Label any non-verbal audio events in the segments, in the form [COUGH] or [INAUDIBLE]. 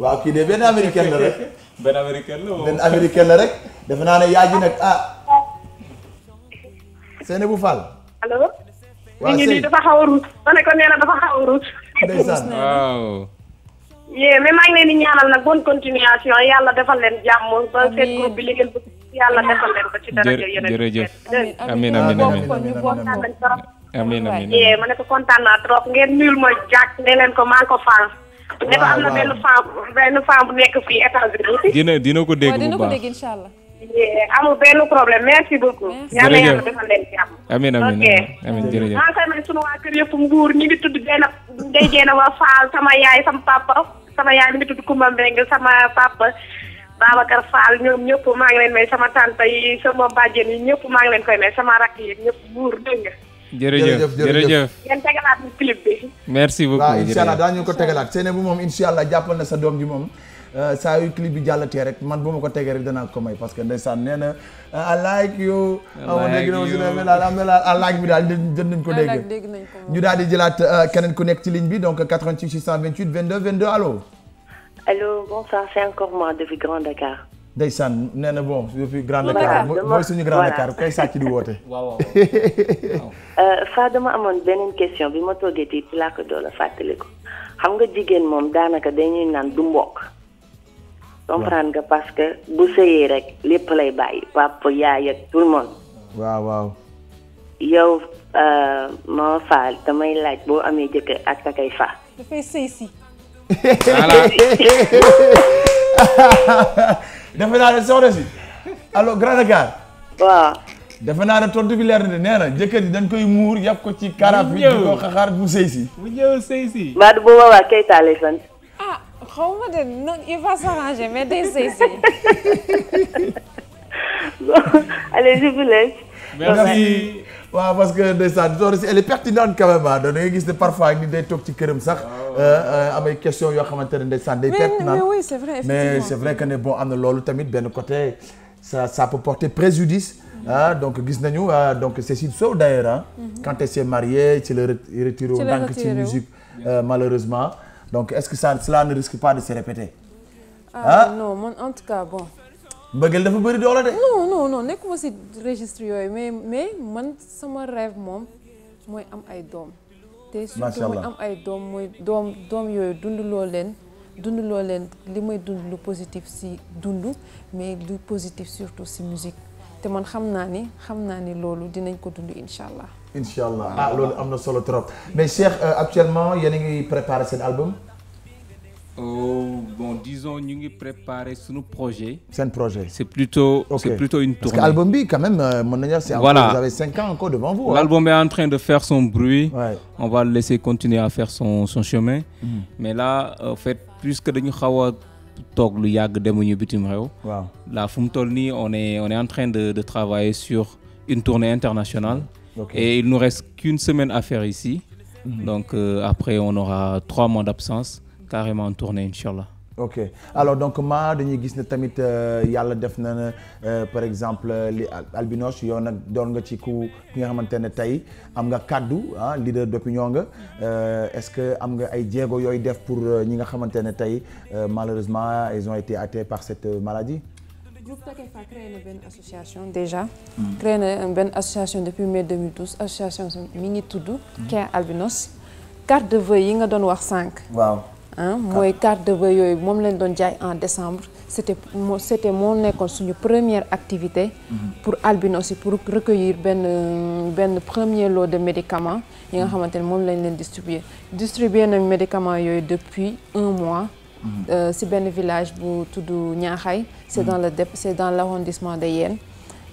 waaw kii de ben américaine la rek. [LAUGHS] benn américaine la rek. defe naa ne yaa ji nag ah. Seynabou Fall. allo. waaw nit ñi dafa xaw a ruus. ma ne ko nee na dafa xaw a ruus. ndeysaan waaw. yee mais maa ngi leen di ñaanal nag bonne continuation yàlla defal leen jàmm. ba seen groupe bi liggéey bu yàlla defal leen ko ci dara. jërëjëf amiin amiin amiin amiin amiin amiin. ma ne ko kontaan trop ngeen nuyul ma jàkk ne ko maa ko faal. ne ko am na benn femme benn femme bu nekk fii États-Unis. dina dina ko dégg bu baax dina ko dégg incha allah. amul benn problème merci beaucoup. yàlla yàlla defal leen jàmm. amiin amiin amiin jërëjëf. maa ngi koy may sunu waa kër yëpp nguur ñi ngi tudd benn Ndeye Diène waa Fall sama yaay sama papa sama yaay mi ngi tudd Kumba Mbengue sama papa. Babacar Fall ñoom ñëpp maa ngi leen may sama tante yi sama bàjjen yi ñëpp maa ngi leen koy may sama rakk yi ñëpp buur dégg nga jërëjëf jëf ngeen tegalaat ñu clip bi. merci beaucoup waaw incha allah ko tegalaat seen bu moom incha allah jàppal na sa doom ji moom. Euh, saa yu clip bi jàllatee rek man bu ma ko tegee rek danaa ko may parce que ndeysaan nee na I like you. I like bi daal jën nañ ko dégg. ñu daal di jëlaat euh, keneen ku nekk ci ligne bi donc 88 628 22 22 allo. allo bonsoir c'est encore moi depuis Grand Dakar. ndeysaan nee na bon fi grande écart mooy suñu grande écart kay di woote. [LAUGHS] waaw [LAUGHS] euh, dama amoon beneen question bi ma toggee ci laa ko doon fàttaliku xam nga jigéen moom daanaka dañuy naan du mbokk. comprendre nga parce que bu sëyee rek lépp lay bàyyi papa yaay ak tout le waaw waaw. yow euh, ma faal damay laaj boo amee jëkkër ak sa kay faa. dafay sëy si. [LAUGHS] defe naa ne soxna si allo Grand Dakar. waaw. defe naa ne tontu bi leer na de nee jëkkër ji dañ koy muur yàpp ko ci. karab bi di ko xaxaar bu sëy si. bu ñëw sëy si. maa du boobaa waa Keita lay sant. ah xaw ma de non il va s'arranger mais day sëy si. [LAUGHS] allez je vous laisse. merci. waaw parce que ndeysaan soxna si elle est pertinente quand même ah da ngay gis ne parfois nit day toog ci këram sax. Ah, euh, euh, amay question yoo xamante ne ndeysaan day pertinente mais oui c'est mais c'est vrai que ne bon am na loolu tamit benn côté ça ça peut porter préjudice. Mm-hmm. Ah. donc gis nañu ah, donc Cécile Sow d'ailleurs mm-hmm. quand elle s'est mariée ci la retiré wu ndànk ci musique euh, malheureusement donc est-ce que ça cela ne risque pas de se répéter. ah non man en tout cas bon. mbëggeel dafa bëri doole de. non non non nekkuma si registre yooyu mais mais man sama rêve moom mooy am ay doom. te surtout mooy am ay doom mooy doom doom yooyu loo leen loo leen li may dund lu positif si dund mais lu positif surtout si musique te man xam naa ni xam naa ni loolu dinañ ko dund incha allah. incha allah ah, loolu am na solo trop mais Cheikh euh, actuellement yéen a ngi préparé seen album. Euh, bon disons ñu ngi préparer suñu projet. seen projet c'est plutôt okay. c'est plutôt une tournée. parce que album bi quand même euh, c'est voilà vous avez en train de faire son bruit. Ouais. on va laisser continuer à faire son chemin. Mm. mais là euh, en fait plus que dañu xaw a toog lu yàgg demuñu bitim réew. waaw là fu mu toll nii on est en train de de travailler sur une tournée internationale. et il nous reste qu'une semaine à faire ici. Mm-hmm. après on aura trois mois d'absence. carrément en tournée incha allah. ok alors donc ma dañuy gis ne tamit euh, yàlla def na ne euh, par exemple euh, li albinos yow nag doon nga ci ku ki nga xamante ne tey am nga kàddu ah leader d'opinion nga est-ce que am nga ay jéego yooyu def pour ñi nga xamante ne tey malheureusement ils ont été atteints par cette maladie. groupe Takefa créé na benn association déjà. créé na benn association depuis mai association mi ngi tudd. Care Albinos. carte de vœux yi nga doon wax sànq. waaw. ah mooy carte de vœux yooyu moom lañ doon jaay en décembre c'était moo c'était nekkoon suñu première activité mm-hmm. pour Albin aussi pour recueillir benn benn premier lot de médicament yi nga mm-hmm. xamante ne moom lañ leen distribuer distribuer nañ médicament yooyu depuis un mois mm-hmm. euh, si benn village bu tudd Ñaaxay c'est dans le c'est dans l'arrondissement de Yène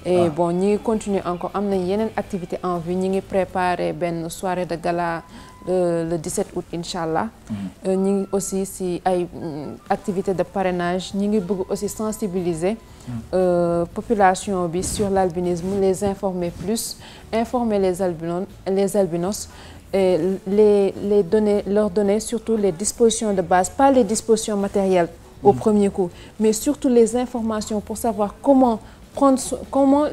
et ah. bon ñi ngi continuer encore am nañ yeneen activité en vue ñi ngi préparer benn soirée de gala Euh, le 17 août incha allah. Mhm. Euh, ñi ngi aussi si ay mm, activité de parrainage ñi ngi bëgg aussi sensibiliser. Mhm. Euh, population bi sur l'albinisme les informer plus informer les albinos les albinos et les les donner leur donner surtout les dispositions de base pas les dispositions matérielles au mhm. premier coup mais surtout les informations pour savoir comment prendre so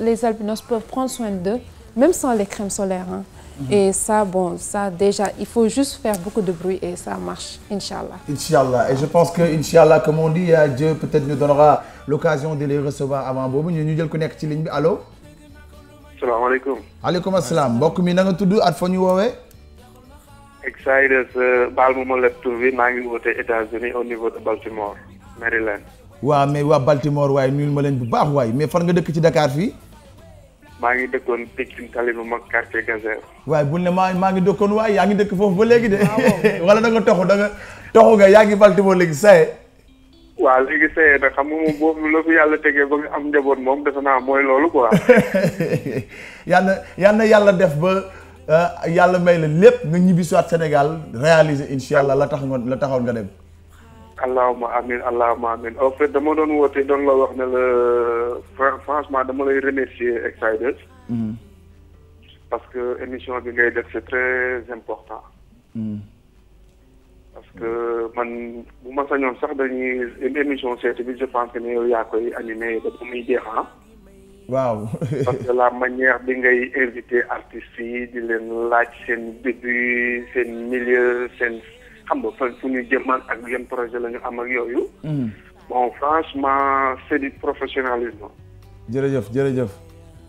les albinos peuvent prendre soin d'eux même sans les crèmes solaires et ça bon ça déjà il faut juste faire beaucoup de bruit et ça marche inchallah inchallah et je pense que inchallah comme on dit euh, Dieu peut-être nous donnera l'occasion de les recevoir avant boobu ñu ñu jël ku nekk ci ligne bi allo salaamaaleykum aleykum asalaam mbokk mi na nga tudd at fa ñu woowee Excited euh, baal ma ma leb tur bi maa ngi woote États-Unis au niveau de Baltimore Maryland waaw mais waa Baltimore waaye nuyul ma leen bu baax waaye mais fan nga dëkk ci Dakar fii maa ngi dëkkoon Pikine tali bu mag quartier Gazer. waaye bu ne maa maa ngi dëkkoon waaye yaa ngi dëkk foofu ba léegi de. Ah [LAUGHS] wala da nga toxu da nga toxu nga yaa ngi Baltimore léegi saye. waaw léegi saye nag xam nga moom boobu la fi yàlla tegee ba nga am njaboot moom defe naa mooy loolu quoi. [LAUGHS] yal na yàlla def ba euh, yàlla may la lépp nga ñibbisiwaat Sénégal réaliser incha allah la tax nga la taxoon nga dem. allahuma amin allahuma amin au fait dama doon woote doon la wax ne la franchement dama lay remercier Exideuse mm-hmm. parce que émission bi ngay def c'est très important mm-hmm. parce que man bu ma sañoon sax dañuy émission seeti bi je pense que ne yow yaa koy animé ba ba muy jeex ah waaw [LAUGHS] parce que la manière bi ngay invité artistes yi di leen laaj seen début seen milieu seen xam nga fa fu ñu jëmaat ak yan projet la ñu am ak yooyu. Hmm. bon franchement c'est du professionnalisme. jërëjëf jërëjëf.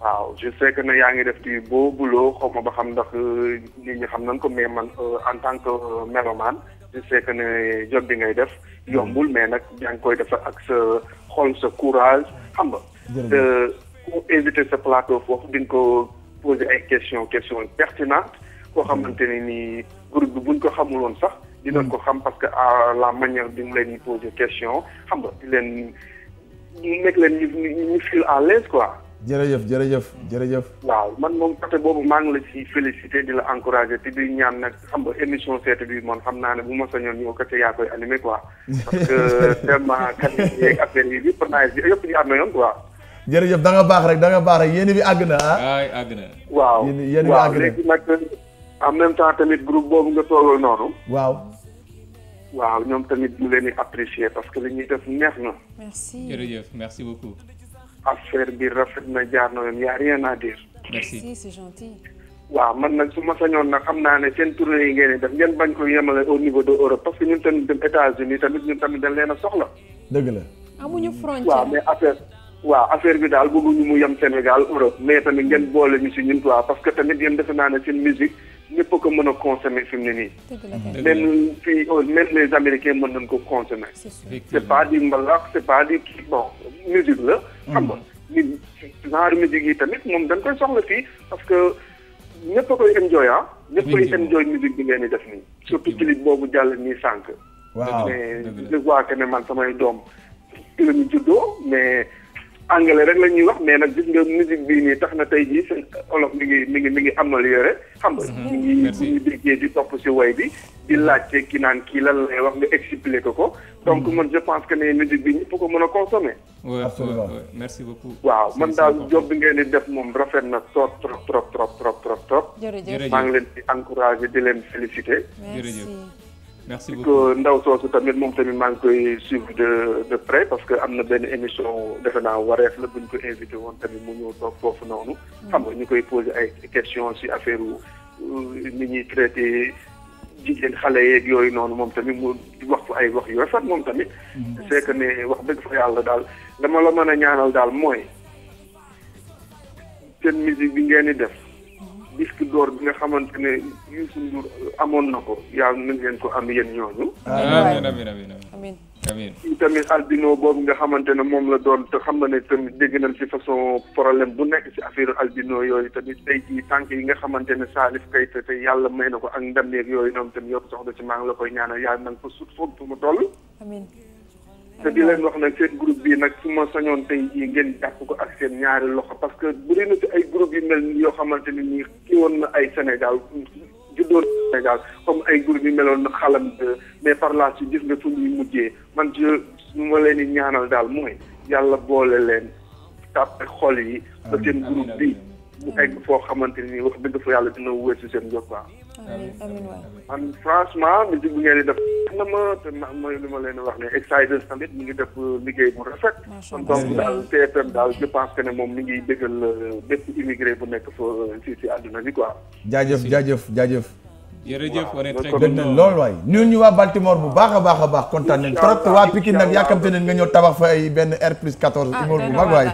waaw je sais que yaa ngi def ci beau boulot xaw ma ba xam ndax euh, nit ñi xam nañ ko mais man euh, en tant que euh, melomaan je sais que ne job bi ngay def yombul mais nag yaa ngi koy def ak sa xol sa courage xam nga. te ku invité sa plateau foofu di nga ko poser ay questions questions pertinentes koo xamante ne nii groupe bi buñ ko xamul woon sax. dina ko xam parce que à la manière bi mu leen di poser question xam nga di leen nekk leen ñu ñu fil à l'aise quoi. jërëjëf jërëjëf jërëjëf. waaw man moom côté boobu maa ngi la ci félicité di la encouragé te di ñaan nag xam nga émission seetu bi moom xam naa ne bu ma sañoon yow kese yaa koy animé quoi. parce que vraiment [LAUGHS] kat yeeg affaire yi yëpp naa yëpp am na yoon quoi. jërëjëf da nga baax rek da nga baax rek yéen bi àgg na ah. waay àgg na. waaw waaw léegi nag. am même temps tamit group boobu nga toogal noonu. waaw. waaw ñoom tamit ñu leen di apprécier parce que li ñuy def neex na. merci jërëjëf merci beaucoup. affaire bi rafet na jaar na yoon y' a rien à dire. merci merci c'est gentil. waaw man nag su ma sañoon nag xam naa ne seen tournée yi ngeen def ngeen bañ ko yemale au niveau de Europe parce que ñun tamit dem États-Unis tamit ñun tamit dañ leen soxla. dëgg la. waaw mais affaire. waaw affaire bi daal ñu mu yem Sénégal Europe mais tamit ngeen boole ñu si ñun quoi que tamit yéen defe naa ne seen musique. ñëpp a ko mën a consommer fi mu ne nii. même fii oh, même les américains mën nañ ko consommer. c'est pas du mbalax c'est pas du bon musique la. xam nga mm. ni genre musique yi tamit moom dañ koy soxla fii parce que ñëpp a koy enjoy ah. ñëpp koy enjoy musique bi ngeen di def nii. surtout clip boobu jàll nii sànq. waaw mais je vois que ne man samay doom ci la ñu juddoo mais. anglais rek la ñuy wax mais nag gis nga musique bii nii tax na tey jii seen olof mi ngi mi ngi mi ngi amal yore xam nga. mi ngi bu ñu di topp si way bi di laaj ki naan kii lan lay wax nga expliqué ko ko. donc mën mhm. je pense que ne musique bi ñëpp ko mën a consommer. absolument merci beaucoup. waaw man daal job bi ngeen di def moom rafet na trop trop trop trop trop trop. jërëjëf maa ngi leen di encouragé di leen félicité. ndaw soosu tamit moom tamit maa ngi koy suivre de de près parce que am na benn émission defe naa wareef la bu buñ ko invité woon tamit mu ñëw toog foofu noonu. Hmm. xam nga ñu koy posé ay question ci affaire euh, ni ñuy traité xale yeeg yooyu noonu moom tamit mu wax fa ay wax yu rafet moom tamit. Hmm. c'est ne wax bëgg fa yàlla daal dama la mën a ñaanal daal mooy seen musique bi ngeen di def. disque d'or bi nga xamante ne Youssou amoon na ko yàlla nañ leen ko am yéen ñooñu. amiin amiin amiin amiin tamit albino boobu nga xamante ne moom la doon te xam na ne tamit dégg nañ ci façon problème bu nekk ci affaire albino yooyu tamit tey jii tànk yi nga xamante ne Salif Keita te yàlla may na ko ak ndam yooyu ñoom tamit yokk soxna ci maa ngi la koy ñaanal yàlla na nga ko sut foofu mu toll. amiin te di leen wax na seen groupe bi nag su ma sañoon tey jii ngeen jàpp ko ak seen ñaari loxo parce que bëri na ci ay groupe yu mel yoo xamante ni nii kii woon na ay Sénégal juddoon Sénégal comme ay groupe yu meloon na xalam mais par la suite gis nga fu ñuy mujjee man je su ma leen yi ñaanal daal mooy yàlla boole leen tàppe xol yi ba seen groupe bi mu egg foo xamante ni wax dëgg fa yàlla dina wér si seen jot quoi. amiin amiin waay. man franchement musique bu ngeen di def na ma li ma leen wax ne Excited tamit mi ngi def euh, liggéey bu rafet. macha allah donc daal TFM daal je pense ne moom mi ngi dëggal euh, bépp immigré bu nekk fa si euh, si bi quoi. jaajëf jaajëf jaajëf. jërëjëf on est très content lool waay ñun ñu waa Baltimore bu baax a baax a baax kontaan nañ trop waa Pikine nag yàkkamte nañ nga ñëw tabax fa ay benn R plus 14 ah, immeuble bu mag waay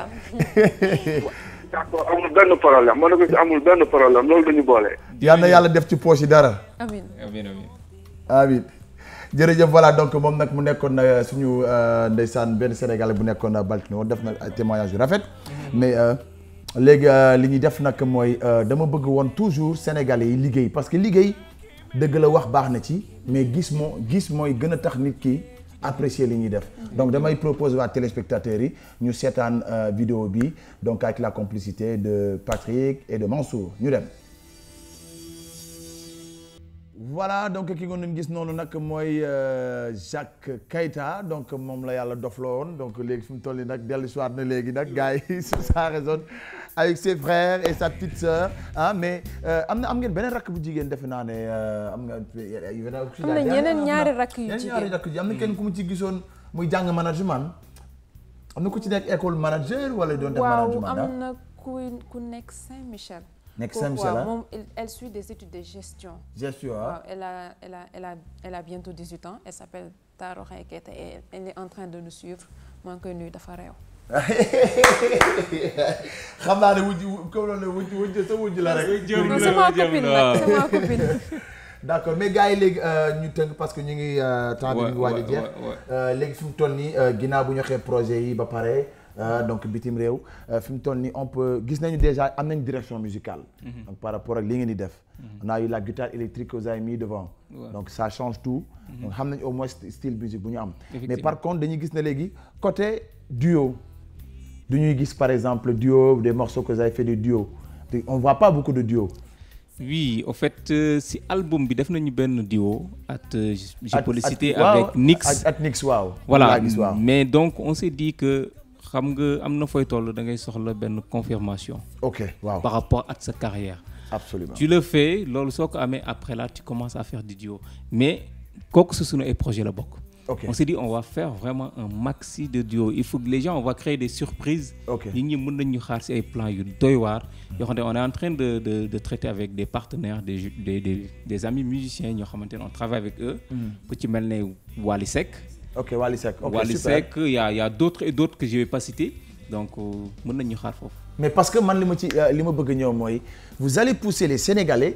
[LAUGHS] d'accord amul benn problème ma ne ci amul benn problème loolu dañu boole. yal na yàlla def ci poche yi dara. amiin amiin amiin. jërëjëf voilà donc moom nag mu nekkoon na euh, suñu euh, ndeysaan benn Sénégalais bu nekkoon na euh, Baltimore def na témoignage yu rafet. Mm-hmm. mais léegi li ñuy def nag mooy dama bëgg woon toujours sénégal yi liggéey parce que liggéey dëgg la wax baax na ci mais gis moo gis mooy gën a tax nit ki. apprécier li ñuy def donc damay propose waa téléspectateurs yi ñu seetaan euh, vidéo bi donc avec la complicité de Patrick et de Mansour ñu dem voilà donc ki nga doon gis noonu nag mooy euh, Jacques Keita donc moom la yàlla dof woon donc léegi fi mu toll nii nag dellu si na léegi nag gars yi [LAUGHS] ça résonne avec ses frères et sa petite sœur ah mais am na am ngeen beneen rakk bu jigéen defe naa ne am nga. am na ñeneen ñaari rakk yu jigéen ñaari rakk yu am na kenn ku mu ci gisoon muy jàng management am na ku ci nekk école manager wala doon def management waaw am na ku ku nekk Saint-Michel. nekk Saint-Michel moom elle suit des études de gestion. gestion waaw elle a elle a elle a elle a bientôt 18 ans elle s'appelle Taro Khaykete et elle est en train de nous suivre maa ngi koy nuyu dafa réew. [LAUGHS] xam naa ne wujj comme loolu la wujj wujj sa wujj la rek. jëm la sama copine nag sama copine. [LAUGHS] [LAUGHS] mais gars yi léegi euh, ñu tënk parce que ñu ngi. Euh, temps bi ñu ngi waaj a jeex. Euh, léegi fi mu toll nii ginnaaw bu ñu waxee projet yi ba pare. Euh, donc bitim réew fi mu toll nii on gis nañu déjà am nañu direction musicale. Mm par rapport ak li ngeen di def. Mhm. naa a eu la guitare électrique que vous avez mis devant. donc ça change tout. Mm xam nañu au moins style bu ñu am. mais par contre dañuy gis na léegi côté duo. du ñuy gis par exemple duo des morceaux que vous avez fait de duo on voit pas beaucoup de duo oui au fait euh, si album bi def nañu benn duo at euh, je peux le citer avec Nix ak waaw voilà mais donc on s'est dit que xam nga am na fooy toll da ngay soxla benn confirmation ok waaw par rapport ak sa carrière absolument tu le fais loolu soo ko amee après la tu commences à faire du duo mais kooku su sunu ay projet la bokk Okay. On s'est dit, on va faire vraiment un maxi de duo. Il faut que les gens, on va créer des surprises. Nous plans On est en train de, de, de traiter avec des partenaires, des, des, des, des amis musiciens. On travaille avec eux. Petit mm. Walisek. Ok, Walisek. Okay, Walisek, il y a, y a d'autres et d'autres que je ne vais pas citer. Donc, nous euh, Mais parce que moi, ce que je veux dire, vous allez pousser les Sénégalais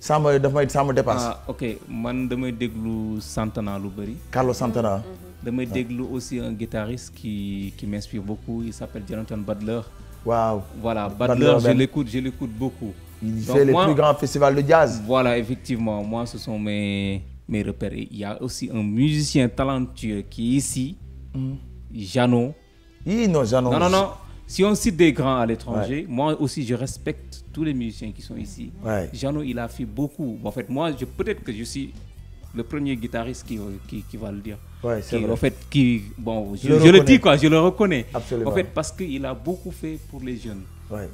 sama daf may sama dépasse. Ah, ok man damay déglu Santana lu bëri. Carlos Santana. Mm-hmm. Mm-hmm. damay déglu aussi un guitariste ki qui m'inspire beaucoup il s'appelle Jonathan Butler. waaw voilà Butler je l'écoute je l'écoute beaucoup. il fait les plus grands festivals de jazz. voilà effectivement moi ce sont mes mes repères il aussi un musicien talentueux qui est ici. Mm. Jeannot. non Jeannot. non non. si on cite des grands à l'étranger, ouais. moi aussi je respecte tous les musiciens qui sont ici. Ouais. Jeannot, il a fait beaucoup. En fait, moi, peut-être que je suis le premier guitariste qui, qui, qui va le dire. Ouais, qui, vrai. En fait, qui, bon, je, je, le, je le, dis quoi, je le reconnais. Absolument. En fait, parce qu'il a beaucoup fait pour les jeunes,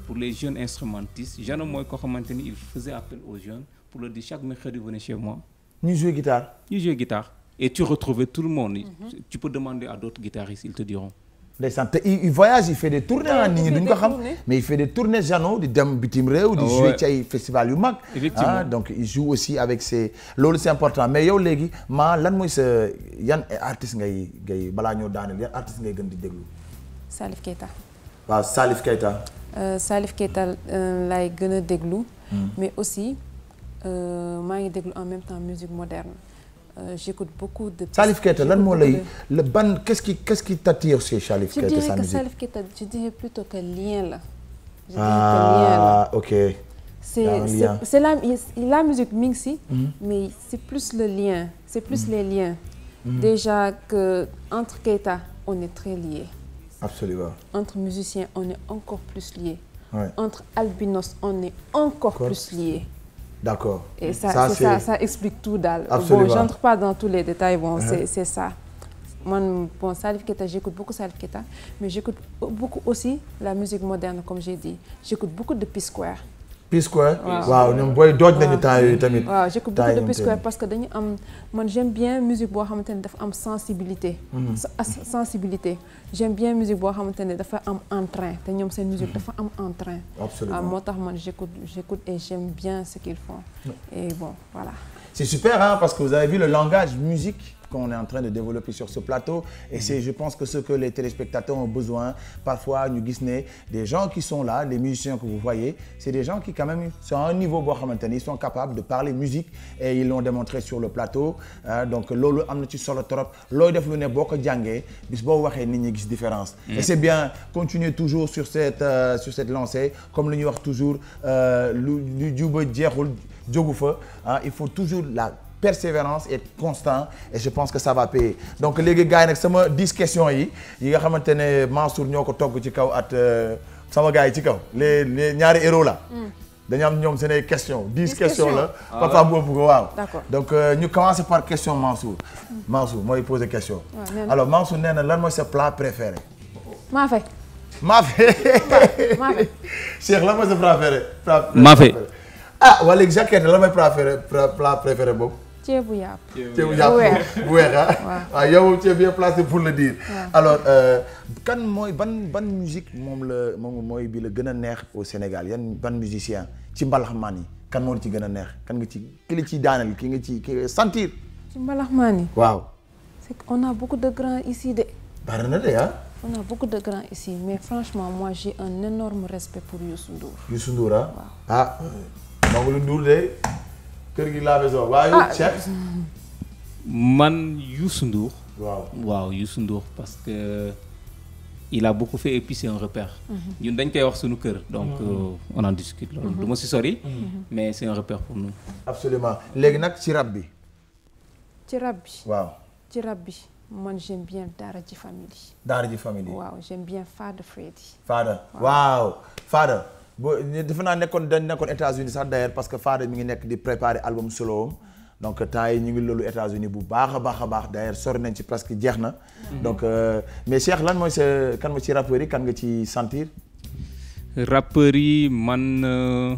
pour les jeunes instrumentistes. Jeannot, moi, il faisait appel aux jeunes pour leur dire chaque mercredi, venez chez moi. Nous jouons guitare. Nous jouons guitare. Et tu retrouvais tout le monde. Mm -hmm. Tu peux demander à d'autres guitaristes, ils te diront. ndeysaan te il voyage il fait des tournées ah nit ñi duñ ko xam mais il fait des tournées jano di dem bitim réew di jouer ci ay festival yu mag ah donc il joue aussi avec ses loolu c'est important mais yow léegi maa lan mooy sa yan artiste ngay ngay balaa ñoo daaneel yan artiste ngay gën di déglu Salif Keita waaw Salif Keita euh, Salif euh, laay gën a déglu hmm. mais aussi euh, maa ngi déglu en même temps musique moderne Euh, j'écoute beaucoup de. Salif Keita lan moo lay le ban qu'est-ce qui qu'est-ce qui t'attire chez Salif Keita sa musique je dirais que Salif Keita je dirais plutôt que lien la. je ah, dirais que ah, lien la ok. c'est c'est la la musique mi ngi si. Mhm. mais c'est plus le lien c'est plus mm. les liens. Mm. déjà que entre Keita on est très liés. absolument. entre musiciens on est encore plus liés. Ouais. entre albinos on est encore Quoi? plus liés. d'accord et ça ça, ça ça explique tout daal. absolument bon j'entre pas dans tous les détails bon uh -huh. c'est ça. man bon Salif Keita j'écoute beaucoup Salif Keita mais j'écoute beaucoup aussi la musique moderne comme j'ai dit j'écoute beaucoup de P Square. Peace Corps waaw ñoom booy dooj nañu temps yooyu tamit. waaw je am man j'aime bien musique boo xamante ne dafa am sensibilité. Mhm. sensibilité j'aime bien musique boo xamante ne dafa am entrain te ñoom seen mhm. dafa am entrain. absolument ah, moo tax man j'écoute j'écoute et j'aime bien ce qu'ils font et bon voilà. c'est super parce que vous avez vu le langage musique. qu'on est en train de développer sur ce plateau. Et c'est je pense que ce que les téléspectateurs ont besoin parfois ñu gis ne des gens qui sont là les musiciens que vous voyez c'est des gens qui quand même sont à un niveau boo xamante ni ils sont capables de parler musique et ils l'ont démontré sur le plateau donc loolu am na ci solo trop looy def lu ne boo ko jàngee bis boo waxee nit ñi gis différence. Mm. et c'est bien continuer toujours sur cette euh, sur cette lancée comme lu ñuy wax toujours euh, lu lu juba jeexul jógu fa il faut toujours la. persévérance et constant et je pense que ça va payer donc léegi gars yi nag sama dix questions yi yi nga xamante ne Mansour ñoo ko togg ci kaw at euh, sama gars yi ci kaw les les ñaari héros la hmm. dañu am ñoom seen question questions dix questions la ah papa boobu ko waaw donc euh, ñu commencer par question Mansour Mansour mooy poser question alors Mansour nee na lan mooy sa plat préféré maafe maafe [LAUGHS] Cheikh lan mooy sa plat préféré ah, wala jaquette lan mooy plat préféré plat préféré boobu ceebu yàpp. weex ah. waaw ah, yow ceeb bi placé pour le dire. alors euh, kan mooy ban ban musique moom la moom mooy bi la gën a neex au Sénégal yan ban musicien ci mbalaxmaan yi kan moo ci gën a neex kan nga ci ki la ci daaneel ki nga ci ki nga sentir. ci mbalaxmaan yi. waaw. c'est qu'on a beaucoup de grands de. bari na de ah. on a beaucoup de grands ici mais franchement moi j'ai un énorme respect pour Youssou su Youssou Ndour ah. waaw ah. Mamadou Ndour de. kër gi laa besoon waaye ah. Cheikh. man Youssou Ndour. waaw waaw Youssou Ndour parce que il a beaucoup fait et un repère. Mhm. ñun dañ koy wax suñu kër. donc mhm. euh, on en discute loolu mhm. du ma si sori. mais c'est un repère pour nous. absolument léegi nag ci rab bi. ci rab waaw. ci rab man j'aime bien Daara J Family. Daara J Family waaw j'aime bien Fada Freddy. Fada waaw Fada. bo defe naa nekkoon dañ nekkoon États-Unis sax d'ailleurs parce que Fada mi ngi nekk di préparer album solo am donc temps yi ñu ngi loolu États-Unis bu baax a baax a baax d'ailleurs sori nañ ci presque jeex na. Mm-hmm. donc euh, mais Cheikh lan mooy sa kan nga ci rappeurs yi kan nga ci sentir. rappeurs yi man. Euh,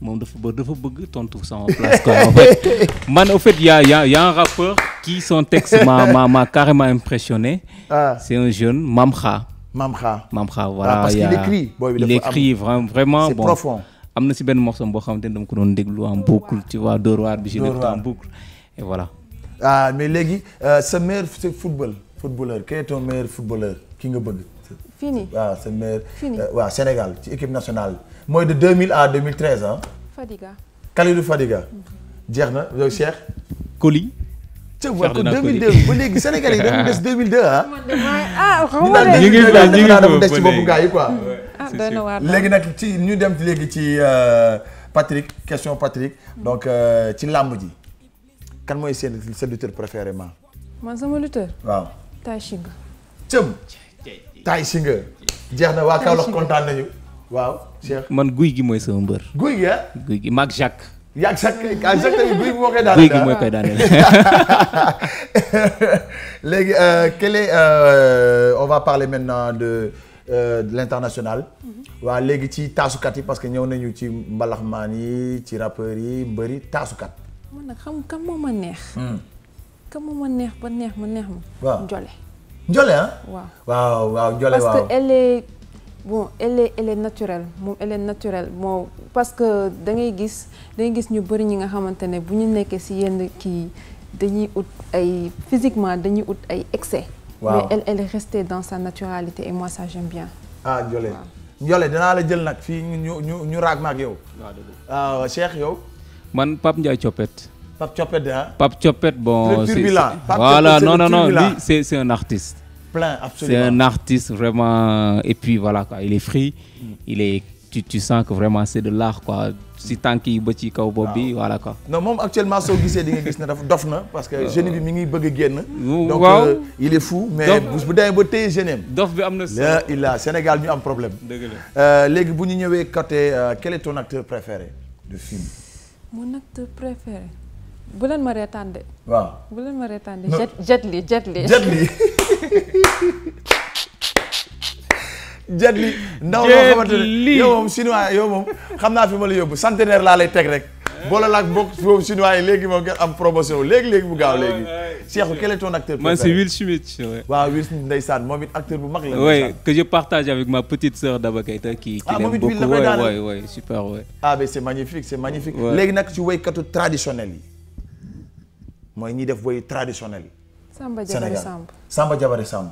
moom dafa bëgg dafa bëgg tontu sama place quoi en fait [LAUGHS] man au fait y a y a y a un rappeur qui son texte m'a m'a m'a carrément impressionné. ah c'est un jeune Mamxa. Mam Kha. Mam Kha ah, voilà parce qu'il écrit. il écrit vraiment bon am na si benn morceau boo xam ne dama ko doon déglu en boucle tu vois Dóor waar bi. Dóor waar en boucle voilà. ah mais léegi euh, sa meilleur football footballeur quel est ton footballeur ki nga bëgg. fini ah, euh, waaw sa meilleur. Sénégal ci équipe nationale. mooy de 2000 à 2013 ah. Fadiga. Kalidou Fadiga. Mm-hmm. jeex na yow Cheikh. Koli. cëw wax ko 2002 ba léegi Sénégal yi dañu des 2002 [LAUGHS] ah. ah xaw ma ne ñu des ci boppu gars yi ko ah, ah doy léegi nag ci ñu dem ci léegi ci euh, Patrick question Patrick. donc euh, ci làmb ji. kan mooy seen seen lutteur préférément. man sama lutteur. waaw Tay Shinger. cëm Tay Shinger. jeex na waa Kaolack kontaan nañu. waaw Cheikh. man guy gi mooy sama mbër. guy gi guy ah. gi mag Jacques. yaa ngi chaque à chaque tamit guy moo moo koy daaneel. léegi quel euh, on va parler maintenant de euh, de l'international. Mhm. waaw léegi ci taasukat yi parce que ñëw nañu ci mbalaxmaan yi ci rappeurs yi mbëri taasukat. man nag xam kam moo ma neex. Hmm. kam moo ma neex ba neex ma neex ma. Njole. Njole ah. waaw waaw Njole waaw parce elle bon elle est elle est naturelle moom elle est naturelle parce que dangay gis da gis ñu bëri ñi nga xamante ne bu ñu nekkee ci yenn kii dañuy ut ay physiquement dañuy ut ay excès. waaw mais elle dans sa naturalité et moi ça j'aime bien. ah Ndiolé danaa la jël nag fii ñu ñu ñu raag ma yow. waaw ah, man Pape Ndiaye Coppet. Pape Coppet ah. Pape Coppet bon. c'est voilà non non plein, absolument. C'est un artiste vraiment. Euh, et puis voilà, quoi, il est free. Mm. Il est tu, sens que vraiment c'est de l'art quoi si tànk yi ba ci kaw bopp bi voilà quoi. non moom actuellement soo gisee di nga gis na dafa dof na parce que jeune bi mi ngi bëgg a génn. donc euh, il est fou mais bu demee ba téye jeune am. dof bi am na solo il Sénégal ñu am problème. dëgg euh, léegi bu ñu ñëwee côté quel est ton acteur préféré de film. mon acteur préféré. bu leen ma reetaan de. waaw bu leen ma reetaan de. jet jet li jet jet li. jet li [LAUGHS] ndaw loo yow xam naa fi ma la yóbbu centenaire laa lay teg rek. boole laag bokk foofu chinois yi léegi moom ngeen am promotion léegi léegi mu gaaw léegi. Cheikhou quel est ton acteur préféré man c'est Will Smith. waaw Will Smith ndeysaan moom it acteur bu mag la. oui que je partage avec ma petite sœur Daba Keita. qui qui ah, l'aime beaucoup oui oui oui super oui. ah mais c'est léegi nag ci woykatu traditionnel yi. mooy ñi def woy traditionnel yi. Samba Jabari Samb Samba Jabari Samb.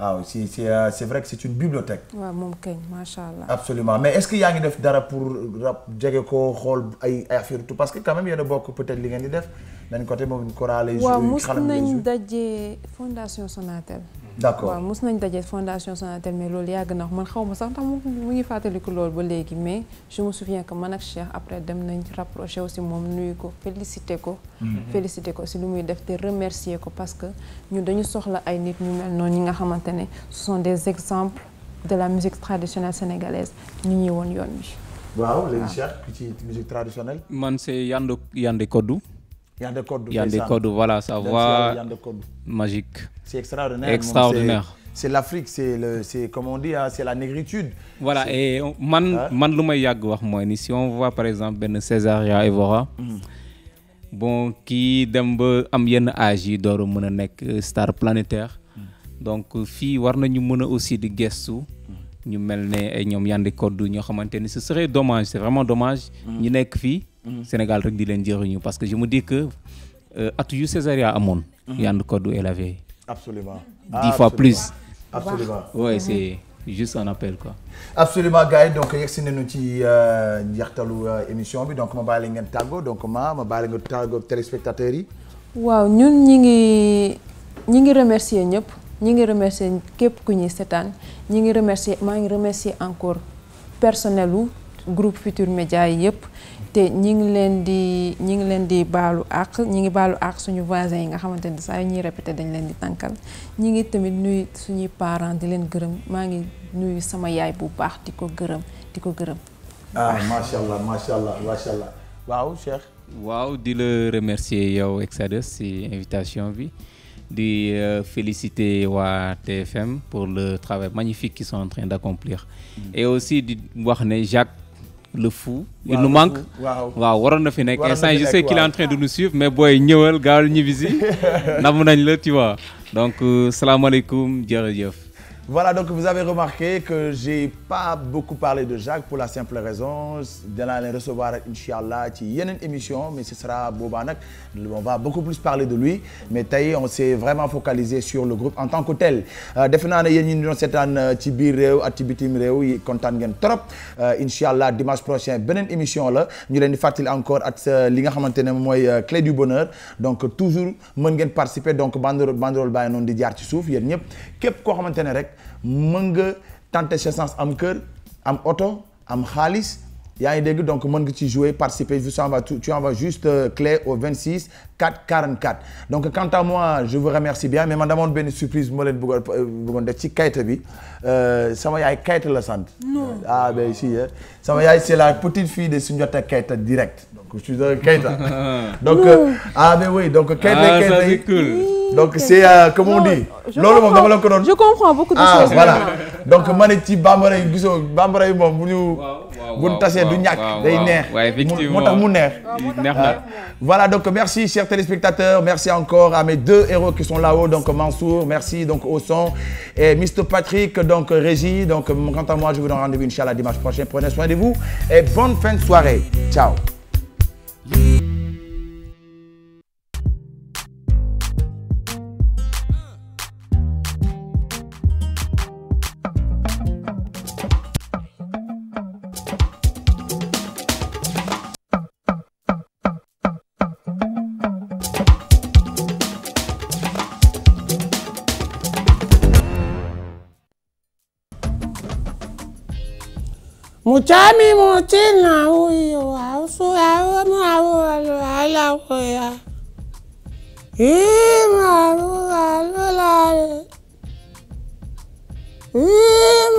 waaw si si euh, c'est vrai que c'est une bibliothèque. waaw moom kañ macha allah. absolument mais est-ce que yaa ngi def dara pour rap jege ko xool ay ay parce que quand même yéen a bokk peut li ngeen di def nañ côté moom chorale. waaw mos nañ daje fondation Sonatel. d'accord waaw mos nañ daje fondation Sonatel mais loolu yàgg na man xaw ma sax ndax mu ngi fàttaliku loolu ba léegi mais je me souviens que man ak Cheikh après dem nañ rapproché aussi moom nuyu ko félicité ko. Mhm. félicité ko si lu muy def te remercier ko parce que ñu dañu soxla ay nit ñu mel noonu ñi nga xamante ne ce sont des exemples de la musique traditionnelle sénégalaise ñu ñuy woon yoon bi. waaw léegi Cheikh ci musique traditionnelle. man c'est Yandou Yandé Kodou. Yandekodou. Yandekodou, voilà, sa voix magique. C'est extraordinaire. Extraordinaire. C'est l'Afrique, c'est le comme on dit, c'est la négritude. Voilà, et man man lu may yàgg wax mooy ni si on voit par exemple benn Césaria Evora. Mhm. bon kii dem ba am yenn âge yi mën a nekk star planétaire. Mhm. donc fii war nañu mën aussi di gestu. ñu mel ne ay ñoom yandi koddu ñoo xamante ni ce serait dommage c'est vraiment dommage. Mm. ñu nekk fii. Mm. Sénégal rek di leen jëriñu parce que je me dis que euh, at yu Césaria amoon. Mm-hmm. yandi koddu est la vieille. absolument fois plus. absolument oui mm-hmm. c'est juste un appel quoi. absolument gars yi donc yegsi nañu ci euh, njeextalu euh, émission bi donc ma bàyyi la ngeen tàggoo donc ma ma bàyyi la nga tàggoo téléspectateurs yi. waaw ñun ñi ngi ñi ngi remercier ñëpp. ñi ngi remercier képp ku ñuy seetaan ñi ngi remercier maa ngi remercier encore personnel wu groupe Futur Média yi yëpp te ñi ngi leen di ñi ngi leen di baalu àq ñi ngi baalu àq suñu voisins yi nga xamante ne saa yu ñuy répété dañ leen di tànkal ñi ngi tamit nuyu suñuy parent di leen gërëm maa ngi nuyu sama yaay bu baax di ko gërëm di ko gërëm ah macha allah macha allah macha allah waaw Cheikh waaw di la remercier yow Exades si invitation bi di euh, féliciter waa TFM pour le travail magnifique qu'ils sont en train d'accomplir mm. et aussi di wax ne Jacques le fou il nous manque waaw waroon na fi nekk instant je sais qu'il est en train de nous suivre mais booy ñëwal gaal ñibbisi [LAUGHS] nam nañ la tu vois donc euh, salaamaaleykum jërëjëf Voilà, donc vous avez remarqué que j'ai pas beaucoup parlé de Jacques pour la simple raison dinaa leen recevoir inchallah ci yeneen émission mais ce sera boobaa nag on va beaucoup plus parler de lui mais tey on s'est vraiment focalisé sur le groupe en tant que tel euh, defe naa ne yéen ñi doon seetaan euh, ci biir réew ak ci réew yi kontaan ngeen trop euh, inchallah dimanche prochain beneen émission la ñu leen di fàttali encore ak li nga xamante ne mooy clé du bonheur donc toujours mën ngeen participer donc banderole banderole bàyyi noonu di jaar ci suuf yéen ñëpp képp koo xamante ne rek mën nga tante sa chance am kër am oto am xaalis yaa ngi dégg donc mën nga ci jouer participer tu envoies tu envoies juste euh, clé au 26 4 44 donc quant à moi je vous remercie bien mais man dama benn surprise ma leen bëggoon euh, bëggoon def ci kayita bi euh, sama yaay kayita la sant. non ah, sama yaay c'est la petite fii de Sunjata Kayita direct. je suis avec Keita. [LAUGHS] [LAUGHS] donc ah mais oui donc. Keita ah Keita, ça c'est cool. donc c'est euh, comment on dit. loolu moom dama la ko doon. je comprends beaucoup de ah, choses. ah voilà donc ma ne ci bambara yi gisoo bambara yi moom bu ñu. bu ñu tasee du ñàkk day neex. waaw effectivement moo tax mu neex. neex na voilà donc merci chers téléspectateurs merci encore à mes deux héros qui sont là-haut donc Mansour merci donc au son et Mr Patrick donc Régie donc quant à moi je vous donne rendez-vous inchallah dimanche prochain prenez soin de vous et bonne fin de soirée ciao. Muchami mochina huyu koya yii maamu maamu laale yii